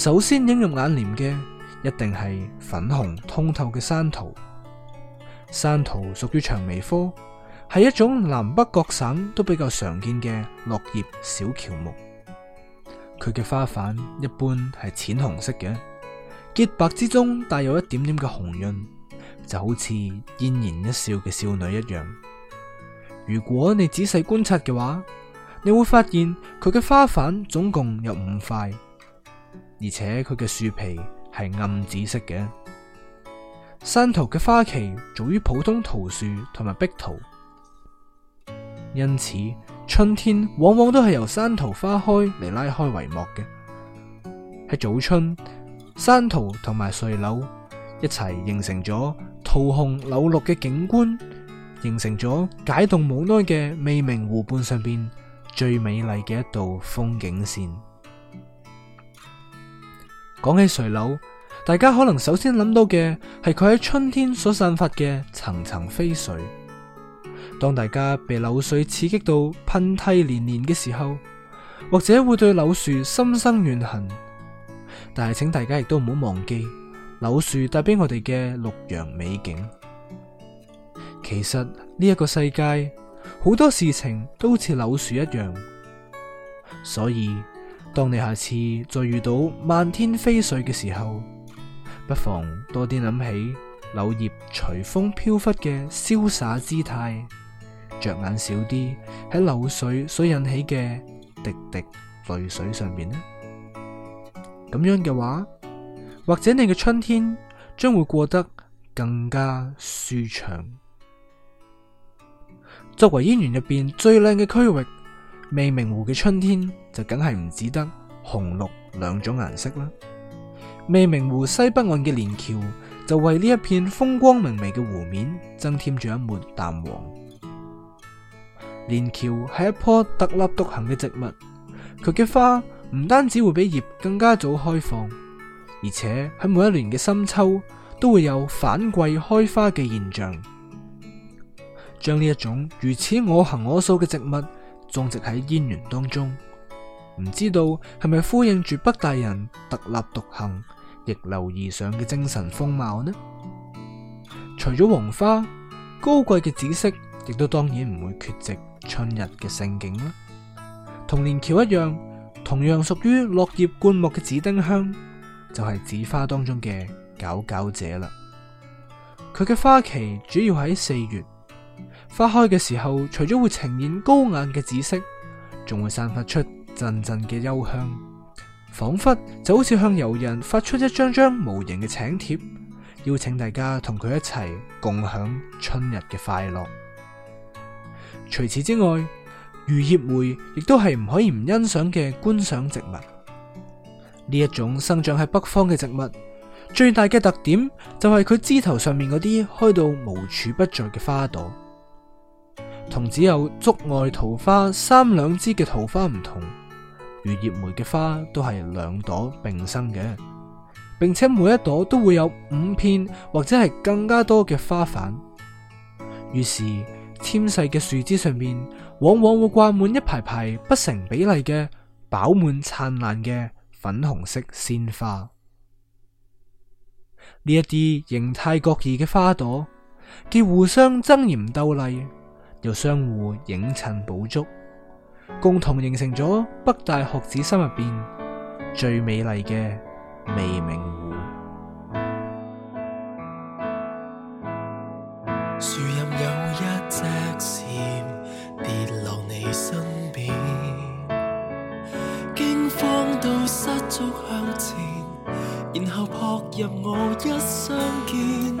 首先映入眼簾嘅一定係粉紅通透嘅山桃。山桃屬於薔薇科，係一種南北各省都比較常見嘅落葉小喬木。佢嘅花瓣一般係淺紅色嘅，潔白之中帶有一點點嘅紅潤，就好似嫣然一笑嘅少女一樣。如果你仔細觀察嘅話，你會發現佢嘅花瓣總共有五塊。而且佢嘅樹皮係暗紫色嘅，山桃嘅花期早於普通桃樹同埋碧桃，因此春天往往都係由山桃花開嚟拉開帷幕嘅。喺早春，山桃同埋垂柳一齊形成咗桃紅柳綠嘅景觀，形成咗解凍無耐嘅未名湖畔上邊最美麗嘅一道風景線。講起垂柳，大家可能首先諗到嘅係佢喺春天所散發嘅層層飛絮。當大家被柳絮刺激到噴嚏連連嘅時候，或者會對柳樹心生怨恨。但係請大家亦都唔好忘記，柳樹帶俾我哋嘅綠楊美景。其實呢一個世界好多事情都好似柳樹一樣，所以。當你下次再遇到漫天飛絮嘅時候，不妨多啲諗起柳葉隨風飄忽嘅瀟灑姿態，着眼少啲喺流水所引起嘅滴滴淚水上面呢，咁樣嘅話，或者你嘅春天將會過得更加舒暢。作為燕園入邊最靚嘅區域。未名湖嘅春天就梗係唔止得紅綠兩種顏色啦。未名湖西北岸嘅連翹就為呢一片風光明媚嘅湖面增添咗一抹淡黃。連翹係一棵特立獨行嘅植物，佢嘅花唔單止會比葉更加早開放，而且喺每一年嘅深秋都會有反季開花嘅現象，將呢一種如此我行我素嘅植物。種植喺燕園當中，唔知道係咪呼應住北大人特立獨行、逆流而上嘅精神風貌呢？除咗黃花，高貴嘅紫色亦都當然唔會缺席春日嘅盛景啦。同連翹一樣，同樣屬於落葉灌木嘅紫丁香就係、是、紫花當中嘅佼佼者啦。佢嘅花期主要喺四月。花開嘅時候，除咗會呈現高雅嘅紫色，仲會散發出陣陣嘅幽香，仿佛就好似向遊人發出一張張無形嘅請帖，邀請大家同佢一齊共享春日嘅快樂。除此之外，榆葉梅亦都係唔可以唔欣賞嘅觀賞植物。呢一種生長喺北方嘅植物，最大嘅特點就係佢枝頭上面嗰啲開到無處不在嘅花朵。同只有竹外桃花三兩枝嘅桃花唔同，榆葉梅嘅花都係兩朵並生嘅，並且每一朵都會有五片或者係更加多嘅花瓣。於是纖細嘅樹枝上面，往往會掛滿一排排不成比例嘅飽滿燦爛嘅粉紅色鮮花。呢一啲形態各異嘅花朵，既互相爭妍鬥麗，又相互映襯補足，共同形成咗北大學子心入邊最美麗嘅未名湖。 樹蔭有一隻蟬跌落你身邊，驚慌到失足向前，然後撲入我一雙肩。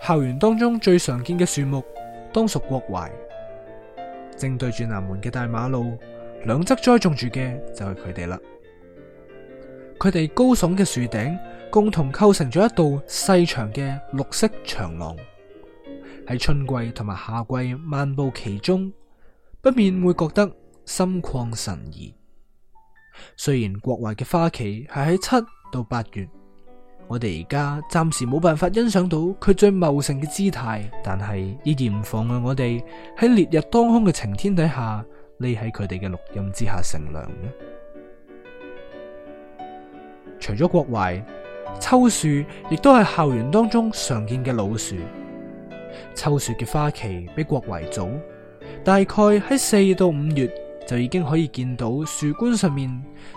校園當中最常見嘅樹木，當屬國槐。正對住南門嘅大馬路，兩側栽種住嘅就係佢哋啦。佢哋高聳嘅樹頂，共同構成咗一道細長嘅綠色長廊。喺春季同埋夏季漫步其中，不免會覺得心曠神怡。雖然國槐嘅花期係喺七到八月。我哋而家暫時冇辦法欣賞到佢最茂盛嘅姿態，但係依然唔妨礙我哋喺烈日當空嘅晴天底下，匿喺佢哋嘅綠蔭之下乘涼嘅。除咗國槐，秋樹亦都係校園當中常見嘅老樹。秋樹嘅花期比國槐早，大概喺四到五月就已經可以見到樹冠上面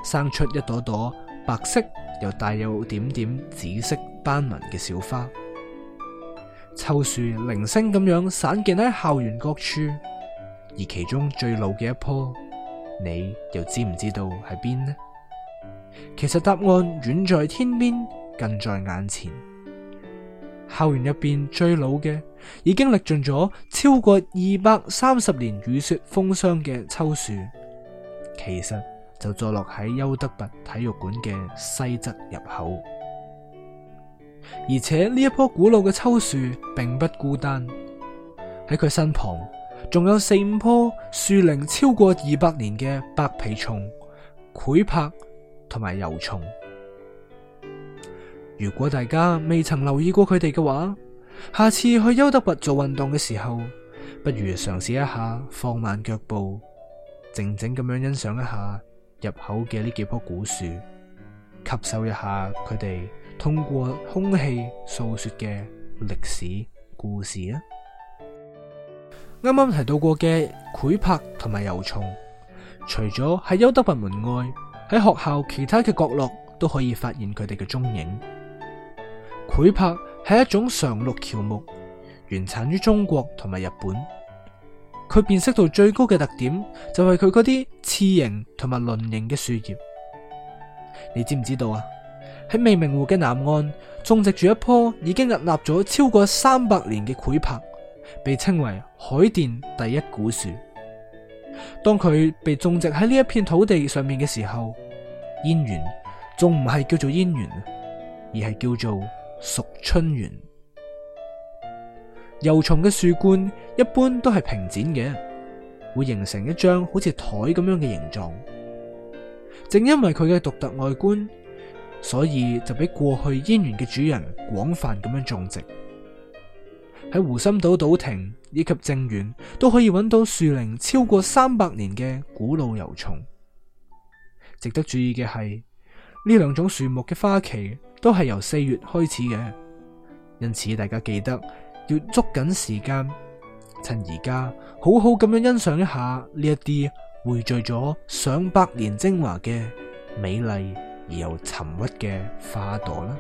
生出一朵朵，白色又帶有點點紫色斑紋嘅小花，秋樹零星咁樣散見喺校園各處，而其中最老嘅一棵，你又知唔知道喺邊呢？其實答案遠在天邊，近在眼前。校園入邊最老嘅，已經歷盡咗超過二百三十年雨雪風霜嘅秋樹，其實，就坐落喺邱德拔體育館嘅西側入口，而且呢一棵古老嘅秋樹並不孤單，喺佢身旁仲有四五棵樹齡超過二百年嘅白皮松、檜柏同埋油松。如果大家未曾留意過佢哋嘅話，下次去邱德拔做運動嘅時候，不如嘗試一下放慢腳步，靜靜咁樣欣賞一下。入口嘅呢幾棵古樹，吸收一下佢哋通過空氣訴說嘅歷史故事啊！啱啱提到過嘅檜柏同埋油松，除咗喺優德文門外，喺學校其他嘅角落都可以發現佢哋嘅蹤影。檜柏係一種常綠喬木，原產於中國同埋日本。佢辨識度最高嘅特點就係佢嗰啲刺形同埋輪形嘅樹葉，你知唔知道啊？喺未名湖嘅南岸種植住一棵已經屹立咗超過三百年嘅檜柏，被稱為海淀第一古樹。當佢被種植喺呢一片土地上面嘅時候，燕園仲唔係叫做燕園，而係叫做淑春園。油松嘅樹冠一般都係平展嘅，會形成一張好似台咁樣嘅形狀。正因為佢嘅獨特外觀，所以就俾過去燕園嘅主人廣泛咁樣種植喺湖心島島亭，以及正源都可以揾到樹齡超過三百年嘅古老油松。值得注意嘅係呢兩種樹木嘅花期都係由四月開始嘅，因此大家記得。要捉緊時間，趁而家好好咁樣欣賞一下呢一啲匯聚咗上百年精華嘅美麗而又沉鬱嘅花朵啦！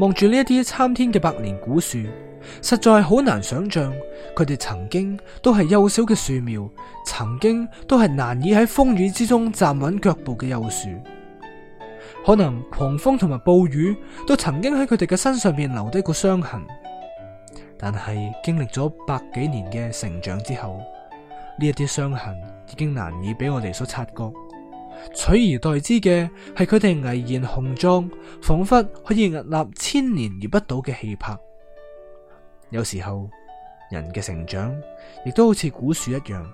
望住呢一啲參天嘅百年古樹，實在好難想象佢哋曾經都係幼小嘅樹苗，曾經都係難以喺風雨之中站穩腳步嘅幼樹。可能狂風同埋暴雨都曾經喺佢哋嘅身上邊留低過傷痕，但係經歷咗百幾年嘅成長之後，呢一啲傷痕已經難以俾我哋所察覺，取而代之嘅係佢哋巍然雄壯，仿佛可以屹立千年而不倒嘅氣魄。有時候人嘅成長亦都好似古樹一樣，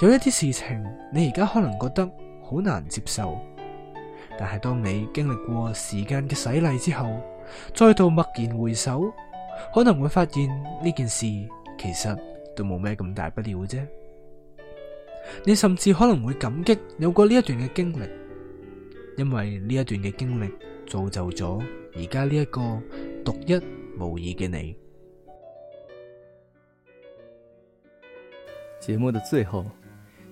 有一啲事情你而家可能覺得好難接受。但係當你經歷過時間嘅洗禮之後，再度驀然回首，可能會發現呢件事其實都冇咩咁大不了啫。你甚至可能會感激有過呢一段嘅經歷，因為呢一段嘅經歷造就咗而家呢一個獨一無二嘅你。節目嘅最後，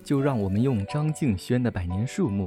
就讓我們用張敬軒嘅《百年樹木》。